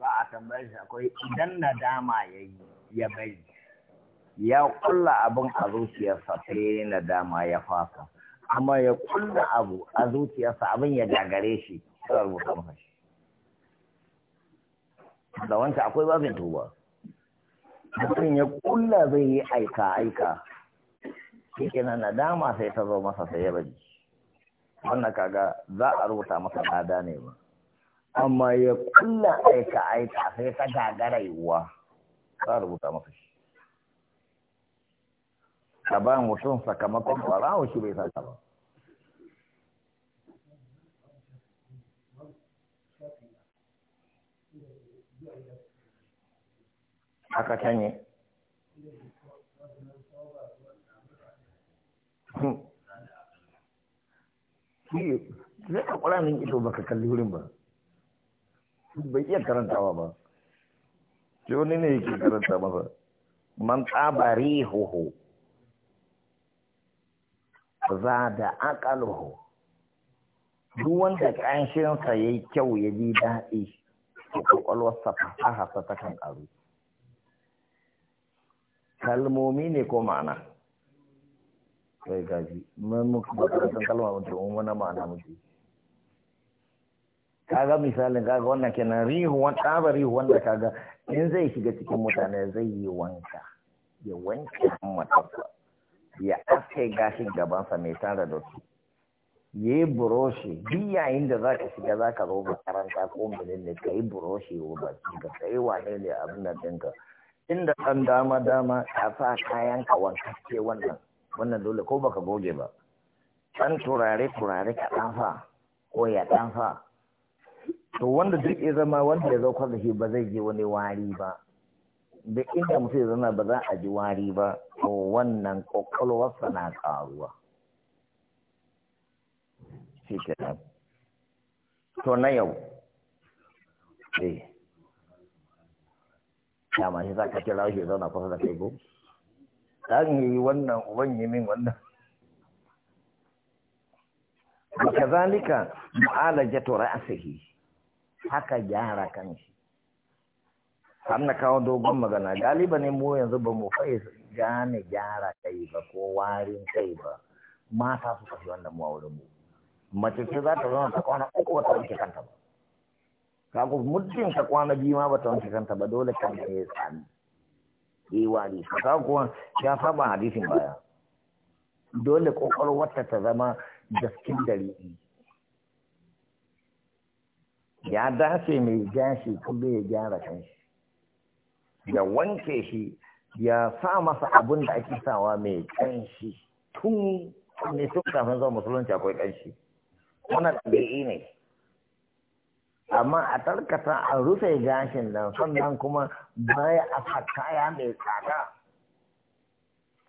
za a tambaye shi akwai idan nadama ya yi ya bari ya kulla abin a zuciyarsa sai nadama ya fasa amma ya kulla abu a zuciyarsa abin ya gagare shi sai rubuta masa shi da wancan akwai babin tuba mutum ya kulla zai yi aika aika shi kenan nadama sai ta zo masa sai ya bari wannan kaga za a rubuta masa tsada ne ba amma ya kulla aika aika sai ta gagara yiwuwa za rubuta masa shi a bayan mutum sakamakon kwarawa shi bai sata ba aka canye hmm. shi zai ka kura ito baka kalli wurin ba bai iya karantawa ba ce wani ne yake karanta masa man tsabari hoho za da akaloho duk wanda ƙanshinsa ya yi kyau ya ji daɗi to ƙwaƙwalwarsa fasahasa ta kan ƙaru kalmomi ne ko ma'ana sai gaji mun muka ba kalma mutum wani ma'ana mutu kaga misalin kaga wannan kenan rihu wani tsaba rihu wanda kaga in zai shiga cikin mutane zai yi wanka ya wanke matarsa ya aske gashin gabansa mai tara da su ya yi buroshi duk yayin da za ka shiga za ka zo makaranta ko ne ka yi buroshi wa baki ka ka yi wane ne abin da ɗinka inda ɗan dama dama ka sa kayan ka ce wannan wannan dole ko baka goge ba ɗan turare turare ka ɗan fa ko ya ɗan fa to wanda duk ya zama wanda ya zaukar da shi ba zai je wani wari ba da inda mutum ya zama ba za a ji wari ba to wannan kwakwalwarsa na karuwa shi nan to na yau eh dama shi za ka kira shi zauna kusa da kai ko ɗan yi wannan uban yi min wannan وكذلك معالجة رأسه haka gyara kan har na kawo dogon magana galiba ne mu yanzu ba mu fai gane gyara kai ba ko warin kai ba mata su kafi wannan mu a wurin mu mace ce za ta zama ta kwana uku ba ta wanke kanta ba k'a ku muddin ka kwana biyu ma ba ta wanke kanta ba dole kan ya tsani yi wari ka kuwa ya saba hadisin baya dole kokarwar ta zama gaskin dari ya dace mai gashi kuma ya gyara kanshi ya wanke shi ya sa masa abun da ake sawa mai kanshi tun ne tun kafin zuwa musulunci akwai kanshi wannan ɗabi'i ne amma a tarkata a rufe gashin nan sannan kuma baya a sa kaya mai tsada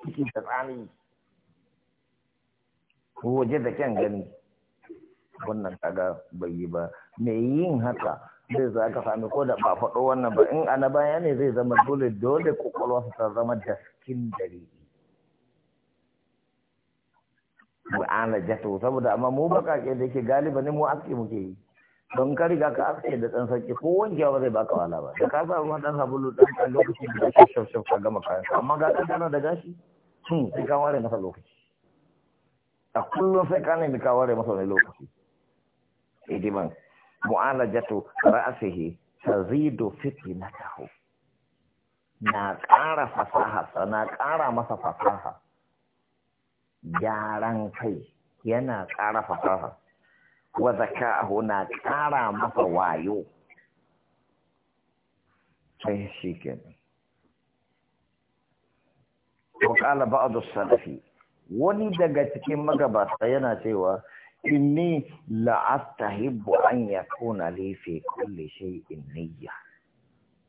ciki da tsami waje da kyan gani wannan kaga bai yi ba mai yin haka zai za ka sami ko da ba faɗo wannan ba in ana baya ne zai zama dole dole kwakwalwarsa ta zama daskin dalili mu'ana jato saboda amma mu ke da yake galiba ne mu aske muke yi don ka riga ka aske da ɗan sarki ko wankewa ba zai baka wala ba da ka sa ruwan ɗan sabulu ɗan ɗan lokaci da ka shaf shaf ka gama kayan amma ga ɗan da gashi hmm sai ka ware masa lokaci a kullum sai ka ne ka ware masa wani lokaci idiman mu'alajatu ra'sihi tazidu fitnatahu na ƙara fasaha na ƙara masa fasaha gyaran kai yana ƙara fasaha wa zaka'ahu na ƙara masa wayo sai shi kenan ko qala ba'd salafi wani daga cikin magabata yana cewa inni la'astahibbu an yakuna li fi kulli shay'in niyya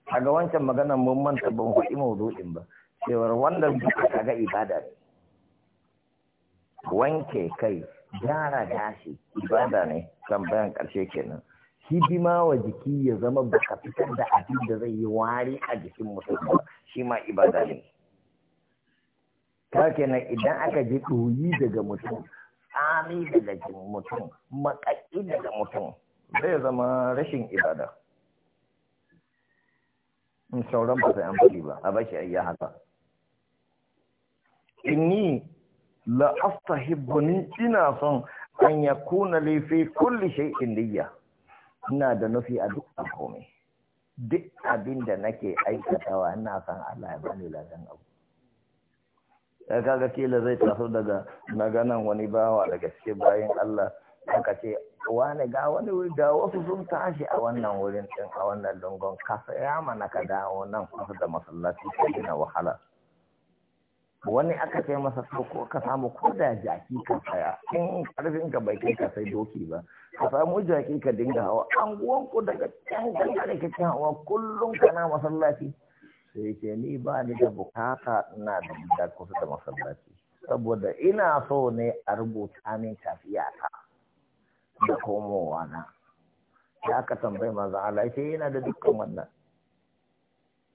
kaga wancan magana mun manta ban kuɗi mawdu'in ba cewar wanda duka kaga ibada ne wanke kai gyara gashi ibada ne bayan ƙarshe kenan hidima wa jiki ya zama baka fitar da abin da zai yi wari a jikin mutum ba shi ma ibada ne ta kenan idan aka ji ɗoyi daga mutum tsami daga mutum makaƙi daga mutum zai zama rashin ibada in sauran ba sai an ba a bashi ayya haka inni la ni ina son an yakuna li fi kulli shay'in liya ina da nufi a duk komai duk abin da nake aikatawa ina son Allah ya bani ladan abu ya eh, kaga kila zai taso daga maganan wani bawa daga cikin bayan Allah aka ce wani ga wani wuri ga wasu sun tashi a wannan wurin din a wannan lungon ka saya mana ka dawo nan kusa da masallaci ka gina wahala wani aka ce masa ko ka samu ko da jaki ka saya in karfin ka bai kai ka sai doki ba ka samu jaki ka dinga hawa anguwan ku daga can kan kare hawa kullum kana masallaci sai yake ni ba ni da bukata ina da gida kusa da masallaci saboda ina so ne a rubuta min tafiyata da komowa na ya aka tambayi manzon Allah sai yana da dukkan wannan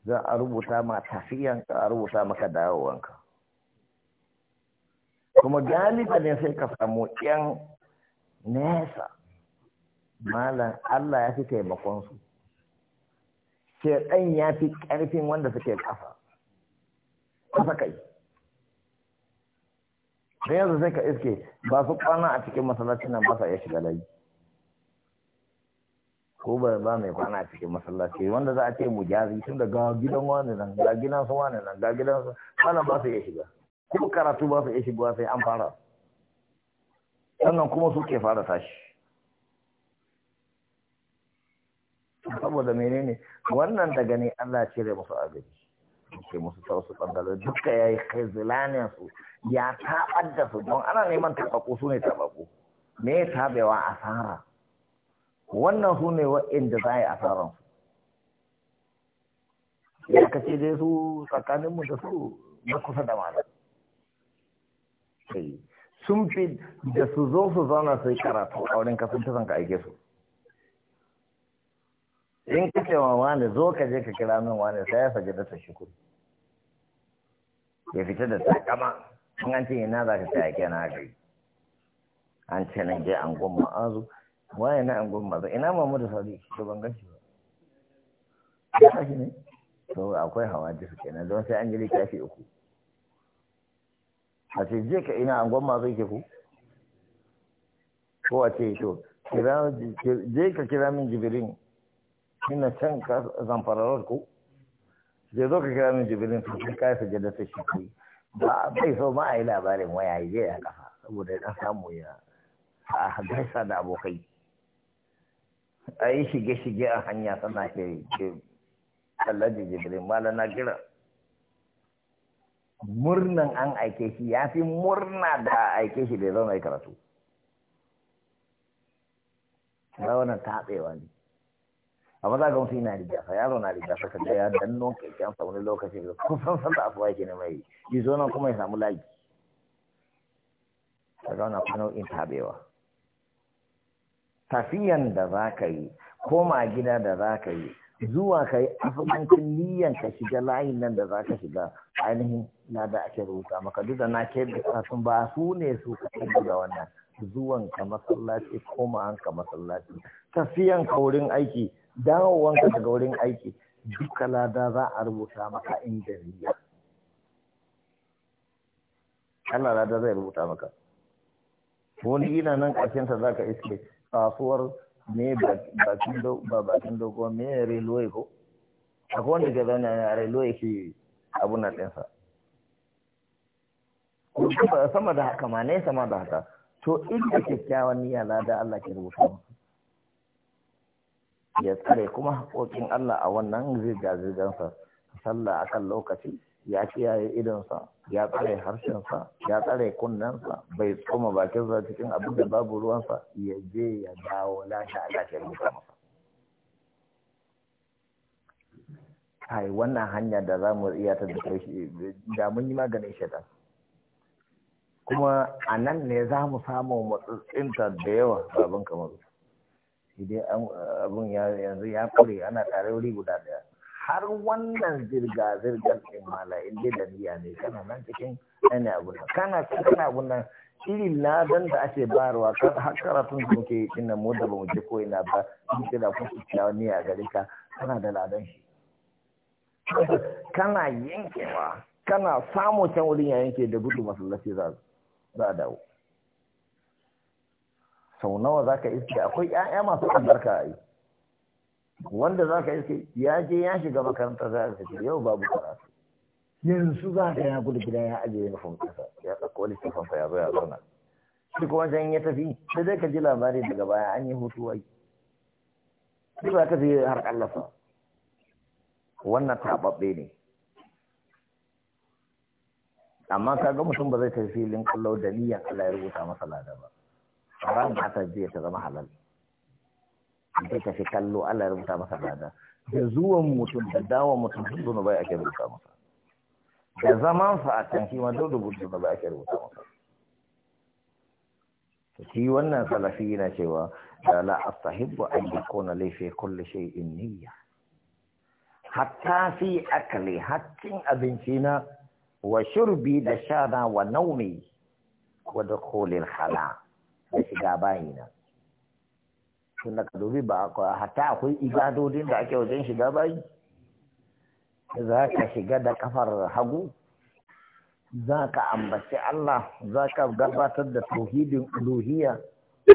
za a rubuta ma tafiyanka a rubuta maka dawowanka kuma galiba ne sai ka samu yan nesa malam Allah ya fi taimakon su shaidan ya fi ƙarfin wanda suke kafa kafa kai da yanzu sai ka iske ba su kwana a cikin masallacin nan ba sa iya shiga layi ko ba ba mai kwana a cikin masallaci wanda za a ce mu jazi tun da gidan wani nan ga gidan su wani nan ga gidan su kwana ba su iya shiga ko karatu ba su iya shiga sai an fara sannan kuma su ke fara tashi saboda menene wannan da gani Allah da musu agaji ke musu sau su ɓangare duka ya yi kai zilanin su ya taɓar da su don ana neman taɓaƙo su ne taɓaƙo me taɓewa asara wannan su ne wa'inda za a yi asaran su ya kace dai su tsakaninmu da su na kusa da malam sun fi da su zo su zauna su yi karatu a wurin kasance zan ka aike su in ka ce wa wani zo ka je ka kira min wani sai ya da ta shukur ya fita da takama an an ce ina za ka ta yake na kai. an ce nan je an gwamma azu waye na an gwamma zai ina mamu da sauri to ban gashi ba ya tashi ne to akwai hawa jisu kenan don sai an gili kashi uku a ce je ka ina an gwamma zai ke ku ko a ce to je ka kira min jibirin ina can ka zamfararar ku zai zo ka kira min jibirin su sai ka sujada ta shi ku ba bai so ma a yi labarin waya ya je ya kafa saboda ya samu ya a gaisa da abokai a yi shige-shige a hanya sana ke tsallaji jibirin ba na kira murnan an aike shi ya fi murna da aike shi da ya zauna ya karatu. Rawanan taɓewa ne. A za ga mutum yana sa yaro na rigasa ka dan ya kai kyan sa wani lokaci da kuma san da asuwa yake ne mai yi zo nan kuma ya samu layi a ga akwai nau'in tabewa tafiyan da za ka yi koma gida da za ka yi zuwa ka yi afirkancin niyan ka shiga layin nan da za ka shiga ainihin na da ake rubuta maka duk da na ke da sun ba su ne su ka kai da wannan zuwan ka masallaci koma an ka masallaci tafiyan ka wurin aiki dawowanka daga wurin aiki duka lada za a rubuta maka inda niyya Allah lada zai rubuta maka wani ina nan ƙarshensa za ka iske kasuwar me bakin dogo me railway ko akwai wanda na zaune a railway shi abu na ɗinsa sama da haka ma nesa ma da haka to inda kyakkyawan niyya lada Allah ke rubuta maka ya tsare kuma haƙoƙin Allah a wannan zirga-zirgansa sallah a kan lokaci ya kiyaye idonsa ya tsare harshensa ya tsare kunnensa bai tsoma bakinsa cikin abin da babu ruwansa ya je ya dawo lashe a lashe rubuta masa kai wannan hanya da za mu iya ta da mun yi maganin shaɗa. kuma a nan ne za mu samu matsatsinta da yawa babin kamar Idan dai abun yanzu ya kure ana tare wuri guda daya har wannan zirga-zirgar ɗin mala in dai da niyya ne kana nan cikin ɗani abun nan kana kana abun nan iri ladan da ake bayarwa har karatun da muke yi ɗin mu da ba mu je ko ina ba in ce da kun kyakkyawa niyya gare ka kana da ladan shi kana yankewa kana samu can wurin ya yanke da gudu masallaci za a dawo sau nawa za ka iske akwai 'ya'ya masu albarka a yi wanda za ka iske ya je ya shiga makaranta za a ce yau babu karatu yanzu za ka ya gudu gida ya ajiye fom kasa ya ɗauko littafinsa ya zo ya zauna shi kuma can ya tafi sai dai ka ji labari daga baya an yi hutu wai shi za ka fi har ƙallafa wannan taɓaɓɓe ne amma kaga mutum ba zai tafi filin kallo da niyan Allah ya rubuta masa lada ba haram da aka je ta zama halal da ta fi kallo Allah ya rubuta masa lada da zuwan mutum da dawon mutum duk zunubai ake rubuta masa da zaman sa a can shi ma duk rubuta zunubai ake rubuta masa shi wannan salafi yana cewa da la astahibbu an yakuna li fi kulli shay'in niyya hatta fi akli hakkin abinci na wa shurbi da shana wa naumi wa dukhulil khala da shiga bayina tun da ka dubi ba hata akwai ibadodin da ake wajen shiga bayi za ka shiga da kafar hagu za ka ambaci Allah za ka gabatar da tauhidin uluhiyya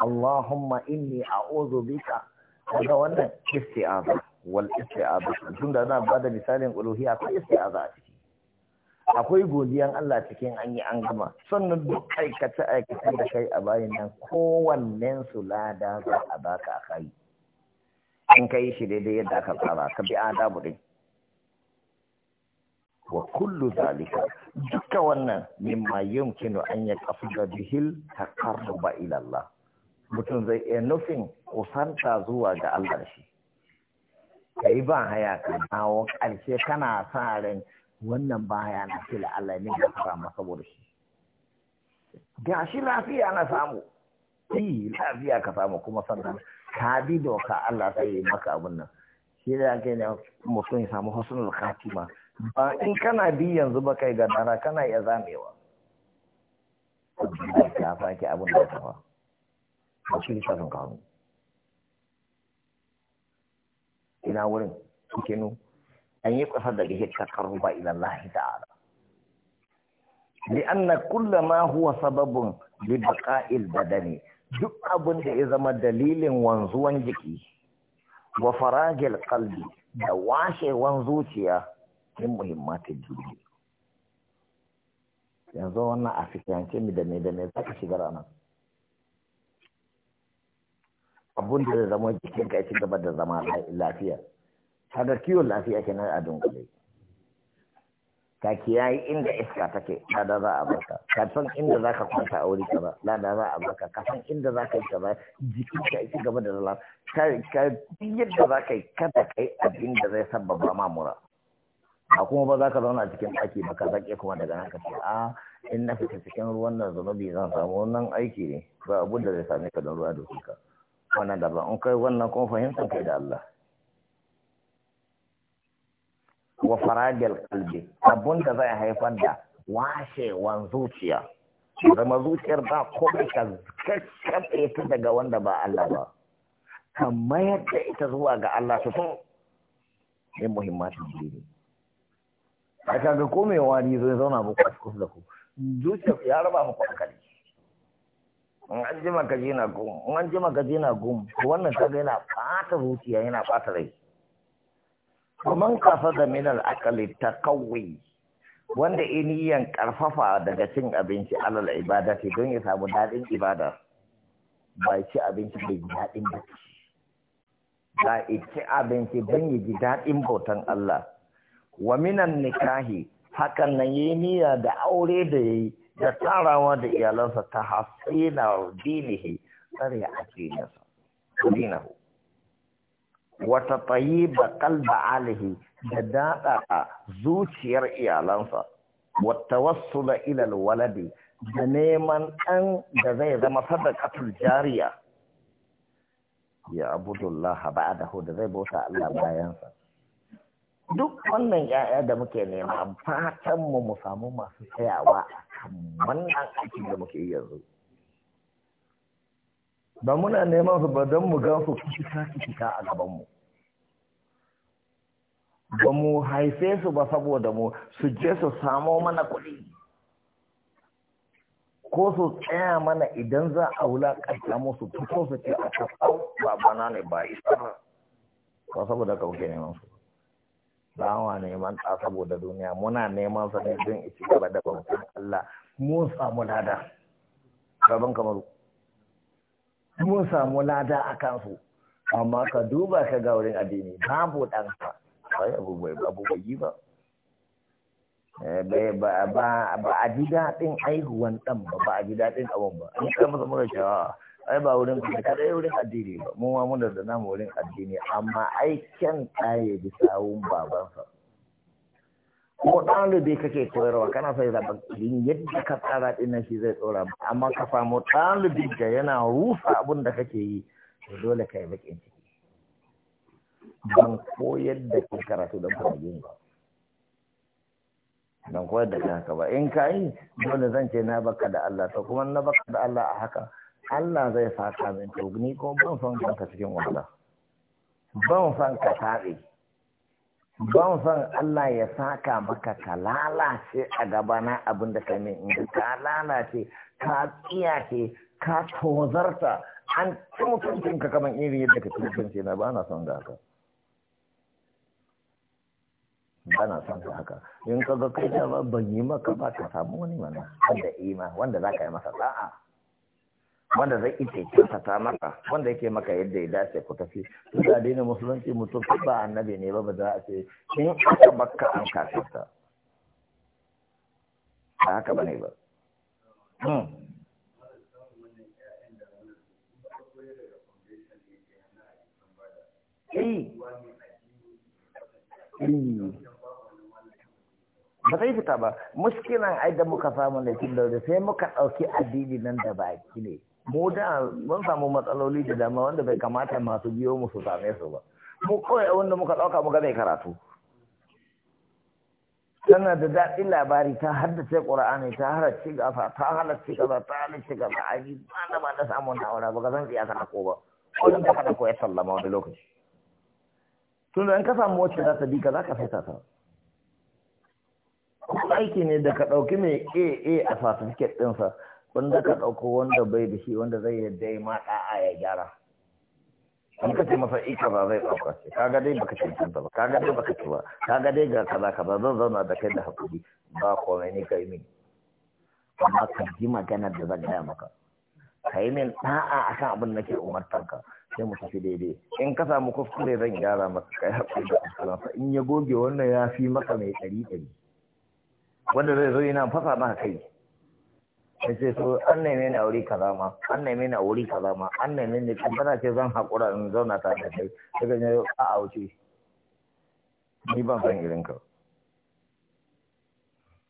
Allahumma inni a'udhu bika daga wannan isti'aza wal isti'aza tun da na bada misalin uluhiyya ko isti'aza a akwai godiyan Allah cikin an yi an gama sannan duk aikace aikace da kai a bayan nan kowannen su lada za a baka a kai in ka yi shi daidai yadda aka tsara ka bi adabu din wa kullu zalika duka wannan mimma yumkinu an ya da bihil taqarruba ila Allah mutum zai iya nufin kusanta zuwa ga Allah shi kai ba haya ka dawo karshe kana sa ran wannan baya na fila Allah ne ya fara masa saboda shi ga shi lafiya na samu yi lafiya ka samu kuma sannan ka bi doka Allah sai yi maka abin nan shi da ake ne mutum ya samu husnul khatima ba in kana bi yanzu ba kai gadara kana iya zamewa ya faki abin da ya tafa shi ne sabon kawo ina wurin kikinu yi أن يقصد به التقرب إلى الله تعالى لأن كل ما هو سبب لبقاء البدن duk abin da ya zama dalilin wanzuwan jiki wa faragil kalbi da washewan zuciya min muhimmatin jiki yanzu wannan a fikiyance mi da me da me ka shiga ranar abun da zama jikinka ya ci gaba da zama lafiya kaga kiwon lafiya ke nan a dunkule ka kiyaye inda iska take kada za a baka ka san inda za ka kwanta a wuri ba lada za a baka ka san inda za ka yi kaza jikin ka ci gaba da lala ka ka yadda za ka yi kada ka yi abin da zai sababa ma mura a kuma ba za ka zauna cikin ɗaki ba ka zaƙe kuma daga nan ka ce a in na fita cikin ruwan nan zunubi zan samu wannan aiki ne ba abun da zai same ka don ruwa da kuka wannan daban in kai wannan kuma fahimtar kai da Allah wa faragel kalbi abun da zai haifar da washewan zuciya zama zuciyar ba komai ka kakkaɓe ta daga wanda ba Allah ba ka mayar da ita zuwa ga Allah su to ne muhimmancin jini a kaga komewa ne zai zauna ba a cikin da ku zuciyar ya raba mu hankali in an jima ka na gum in an ji ka na gum wannan kaga yana ɓata zuciya yana ɓata rai da minal akali ta kawai wanda iniyan karfafa daga cin abinci alal ibadati don ya samu daɗin ibada ba ci abinci bai ji daɗin ba ba ci abinci don ya ji daɗin bautan Allah wa minan nikahi hakan nan yi niyya da aure da yayi da tsarawa da iyalansa ta hasina dinihi tsare a cikin sa dinahu wata ba kalba alihi da daɗa a zuciyar iyalansa wata wasu da ilal waladi da neman ɗan da zai zama sadakatul jariya ya abudullah ba'dahu da zai bauta Allah bayansa duk wannan ya'ya da muke nema fatanmu mu mu samu masu tsayawa a kan wannan aikin da muke yi yanzu ba muna neman su ba don mu gan su fita-fita a gabanmu ba mu haife su ba saboda mu su je su samo mana kuɗi ko su tsaya mana idan za a mu su fito su ce a kafau ba bana ne ba isa ba saboda ka kuke neman su ba wa neman ta saboda duniya muna neman sa ne don ici gaba da bautan Allah Mu samu lada gaban kamaru mun samu lada a kansu amma ka duba ka ga wurin addini babu ɗanka bai abubuwa ba yi eh, ba ba a ji daɗin aihuwan ɗan ba ba a ji daɗin abun ba an kai masa muka cewa ai ba wurin kuma dai wurin addini ba mun ma mun da namu wurin addini amma ai kyan ɗaya bisa wun babansa ko ɗalibi kake koyarwa kana sai yadda ka tsara na shi zai tsora amma ka samu ɗalibi da yana rusa abin da kake yi to dole kai bakin ciki ban koyar da ke karatu da kwanagen ba dan koyar da ke haka ba in ka yi dole zan ce na baka da Allah to kuma na baka da Allah a haka Allah zai saka min to ni ko ban son ka cikin wahala ban son ka taɓe ban son Allah ya saka maka ka lalace a gabana abin da ka min ka lalace ka tsiyace ka tozarta an ci mutuncin ka kamar iri yadda ka mutunci na ba na son da haka ba son da haka in ka ga kai ba ban yi maka ba ka samu wani mana wanda ima wanda za ka yi masa da'a wanda zai ita kyauta ta maka wanda yake maka yadda ya dace ku tafi duk da addinin musulunci mutum ba annabi ne ba ba za a ce in aka baka an ta ba haka ne ba hmm. eh. Eh. ba zai fita ba muskinan ai da muka samu ne tun da sai muka ɗauki addini nan da baki ne mu da mun samu matsaloli da dama wanda bai kamata masu biyo mu su same su ba mu kawai wanda muka ɗauka muka mai karatu tana da daɗin labari ta haddace ƙura'ani ta halarci gaba ta halarci gaba ta halarci gaba a yi ba da ba da samun na'ura ba ka san tsiya kana ko ba wani da kada koyar sallama wani lokaci tun da in ka samu wacce za ta bi ka za ka fita ta aiki ne da ka ɗauki mai a a a certificate ɗinsa wanda ka ɗauko wanda bai da shi wanda zai yadda ya ma ɗa'a ya gyara in ka ce masa ika ba zai ɗauka ce ga dai baka cancanta ba Ka ga dai baka ce ba ga dai ga kaza kaza zan zauna da kai da hakuri ba komai ne kai min amma ka ji maganar da zan gaya maka ka yi min ɗa'a a kan abin nake umartanka sai mu tafi daidai in ka samu kuskure zan gyara maka kai hakuri da kuskurensa in ya goge wannan ya fi maka mai ɗari ɗari wanda zai zo yana fasa maka kai ya ce so an neme ni wuri kaza ma an neme ni wuri kaza ma an neme ni na ce zan haƙura in zauna ta da kai daga ne a a wuce ni ban san irin ka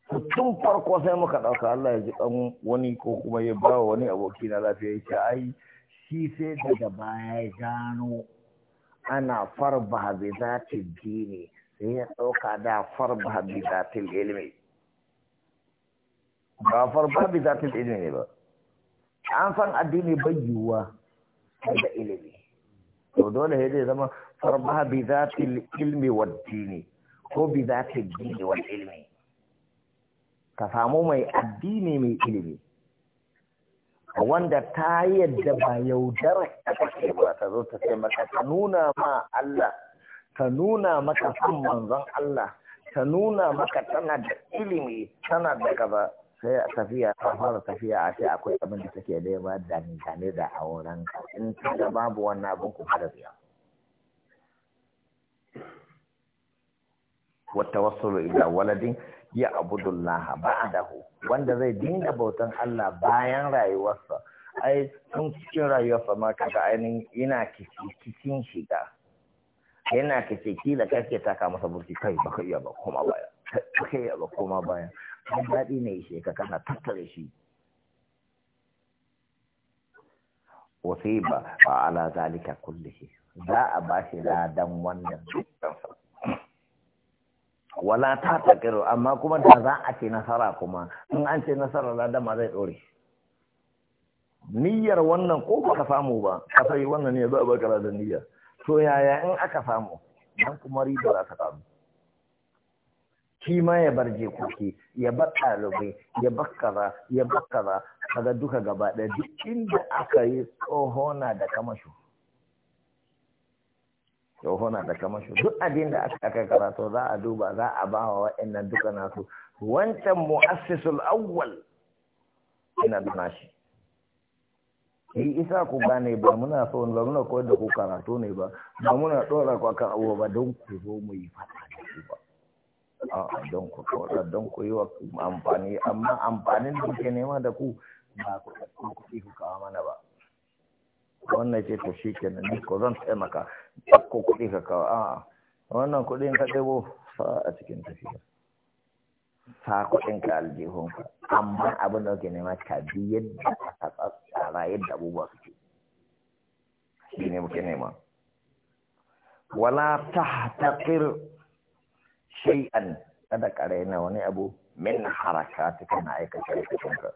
tun farko sai muka ɗauka Allah ya ji ɗan wani ko kuma ya ba wani aboki na lafiya ya ce ai shi sai daga baya ya gano ana farba bi zati dini sai ya ɗauka da farba bi zati ilimi ba farba bi zatin ilimi ba an san addini bai yiwuwa da ilimi to dole ne zai zama farba bi ilmi wa dini ko bi dini wa ilmi ka samu mai addini mai ilimi wanda ta yadda ba yaudara ta kake ba ta zo ta ce maka ta nuna ma Allah ta nuna maka san manzon Allah ta nuna maka tana da ilimi tana da gaba sai a tafiya ta fara tafiya a ce akwai abin da take da ba dangane da auren in ta babu wannan abin ku fara biya wata wasu ila waladin ya abudullah ba'dahu wanda zai dinga bautan Allah bayan rayuwarsa ai tun cikin rayuwarsa ma kaga ainihin ina cikin shiga yana kace kila kake taka masa burki kai baka iya ba koma baya kai ba koma baya kan daɗi ne ishe ka kana tattare shi wasiba a ala zalika shi, za a bashi ladan wannan wala ta taƙiro. amma kuma ta za a ce nasara kuma in an ce nasara ladan ma zai ɗore. niyyar wannan ko ba ka samu ba ka sai wannan ne za a baka ladan niyya to yaya in aka samu dan kuma riba za ka samu shi ma ya bar jikoki ya bar ɗalibai ya bar ya bar kaza kaga duka gaba ɗaya duk inda aka yi tsohona da kamashu tsohona da kamashu duk abin da aka karatu za a duba za a ba wa waɗannan duka nasu wancan mu'assisul awwal ina da nashi yi isa ku gane ba muna so ba muna koyar da ku karatu ne ba ba muna ɗora ku akan abubuwa ba don ku zo mu yi faɗa don ku kawar don ku yi wa amfani amma amfanin da kuke nema da ku ba ku ɗauki kuɗi ku kawo mana ba wannan ce to shi kenan ni ko zan taimaka ko kuɗi ka kawo a'a wannan kuɗin ka ɗebo sa a cikin tafiya sa kuɗin ka aljihun ka amma abin da kuke nema ka bi yadda aka tsara yadda abubuwa suke shi ne muke nema wala ta tahtaqir shay'an kada ka raina wani abu min harakatika na aikace ka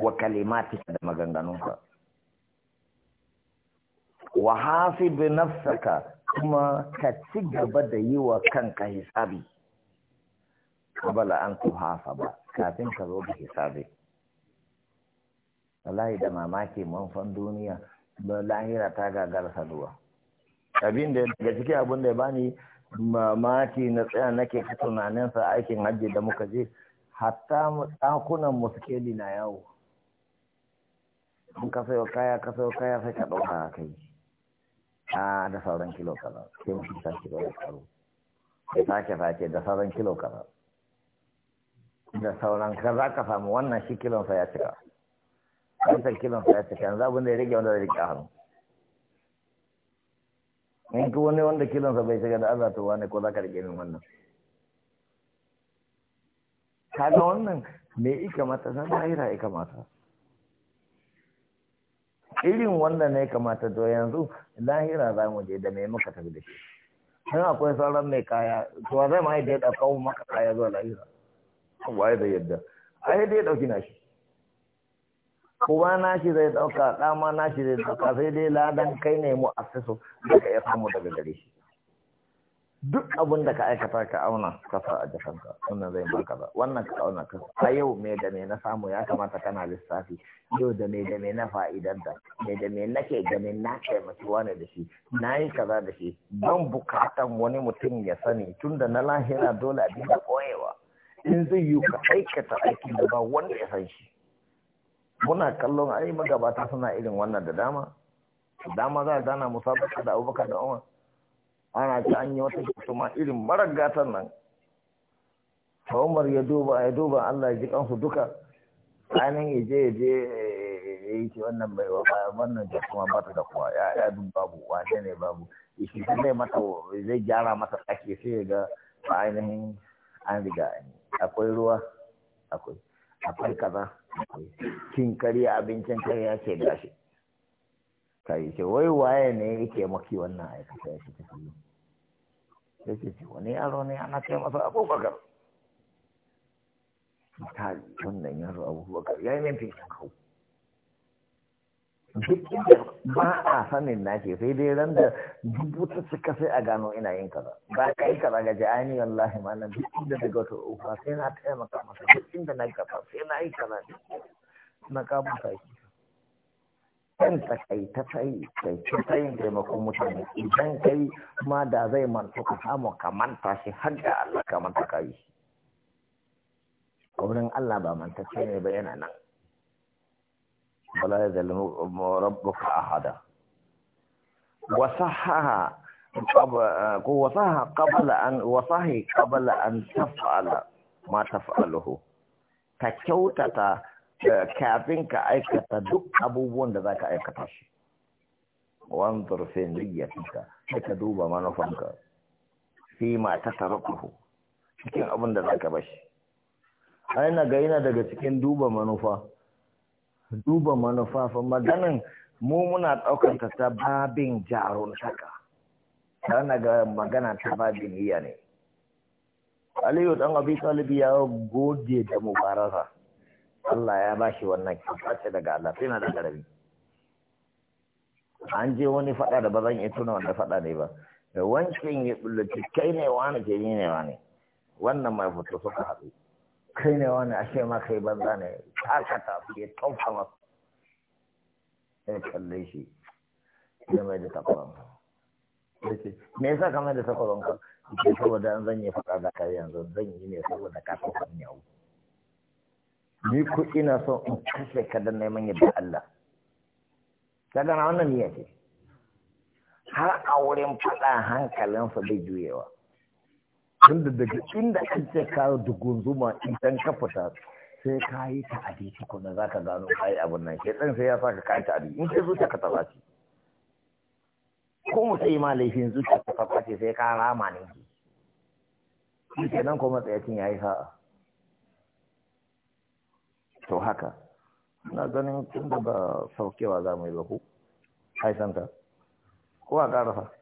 wa kalimatika da maganganunka wa hasib nafsaka kuma ka ci gaba da yi wa kanka hisabi kabala an tuhasa ba kafin ka zo da hisabi wallahi da mamaki mun duniya ba lahira ta gagara saduwa abin da daga ciki abin da ya bani mamaki na tsaya nake ka tunaninsa aikin hajji da muka je hatta ɗakunan muskeli na yawo in ka sayo kaya ka sayo kaya sai ka ɗauka a kai a da sauran kilo kaza sai mu ta kilo da karo sai sake sake da sauran kilo kaza da sauran kaza ka samu wannan shi kilonsa ya cika wancan kilonsa ya cika yanzu abin da ya rage wanda zai rike hannu in ka wani wanda kilansa bai shiga da Allah to wane ko za ka rike min wannan kaga wannan me ika mata san lahira ika mata irin wannan ne kamata to yanzu lahira za mu je da me muka tafi da shi in akwai sauran mai kaya to zai ma yadda ya ɗauka maka kaya zuwa lahira waye da yadda ai dai ya ɗauki na shi uba na shi zai dauka dama na shi zai dauka sai dai ladan kai ne mu asisu daga ya samu daga gare shi duk abin da ka aikata ka auna kasa sa a jikanka wannan zai baka ba wannan ka auna ka a yau mai da me na samu ya kamata kana lissafi yau da me da me na da me da me nake ganin na taimaki wani da shi na yi kaza da shi ban bukatan wani mutum ya sani tun da na lahira dole a dinga koyewa in zai yi ka aikata aikin da ba wanda ya san shi muna kallon ai magabata suna irin wannan da dama dama za a dana musabaka da abubakar da umar ana ta an yi wata ma irin marar gatan nan umar ya duba ya duba Allah ya ji kansu duka ainihin ya je ya je ya yi ce wannan bai wa baya wannan ta kuma ba ta da kuwa ya ya dun babu wane ne babu shi zai mata zai gyara mata tsaki sai ya ga ainihin an riga akwai ruwa akwai akwai kaza kin kari abincin ce da shi ka yi ce wai waye ne yake maki wannan aikata ya ce ta ce ce wani yaro ne ana kai masa abubakar ta wannan yaro abubakar ya yi min fi kau duk inda ba a sanin ke sai dai ran da dubu ta sai a gano ina yin kaza ba kai kaza ga jani wallahi ma nan duk inda daga wata ufa sai na taimaka masa duk inda na kaza sai na yi kaza na kama saki kan ta kai ta sai kai ta sai taimakon mutane idan kai ma da zai manta ka samu ka manta shi har da Allah ka manta shi. wurin Allah ba mantacce ne ba yana nan ولا يظلم ربك أحدا وصحها وصح قبل أن وصحي قبل أن تفعل ما تفعله تكوتة kafin ka aikata duk abubuwan da za ka aikata shi wanzur fi niyyatika sai ka duba manufanka fi ma ta tarakuhu cikin abin da za ka bashi ai na ga daga cikin duba manufa duba manufafin maganin mu muna ɗaukar ta ta babin jaruntaka tana ga magana ta babin iya ne aliyu dan abi talibi ya goge da mubaraka Allah ya bashi wannan kyauta daga Allah sai na da an je wani fada da ba zan iya tuna wanda faɗa ne ba da wancan ya bullace kai ne wani ke ne wani wannan mai fito suka haɗu kai ne wani ashe ma kai banza ne takata ya tausa masu ya kalle shi ya mai da takwaron me yasa ka mai da takwaron ka ke saboda an zan yi faɗa da kai yanzu zan yi ne saboda ka san kan yawo ni ku ina so in kashe ka da neman yadda Allah kaga gana wannan niyya ce har a wurin faɗa hankalinsa bai juyewa tunda daga inda an ce ka dugun zuma idan ka fita sai ka yi ta'adi tukuna za ka gano ka yi abin nan ke ɗan sai ya sa ka kayi ta ta'adi in ce zuciya ka taɓa ce ko mu sai ma laifin zuciya ka taɓa ce sai ka rama ne ke shi ke nan kuma tsayacin ya yi sa'a to haka na ganin tun da ba saukewa za mu yi ba ku haisanta ko a ƙarafa.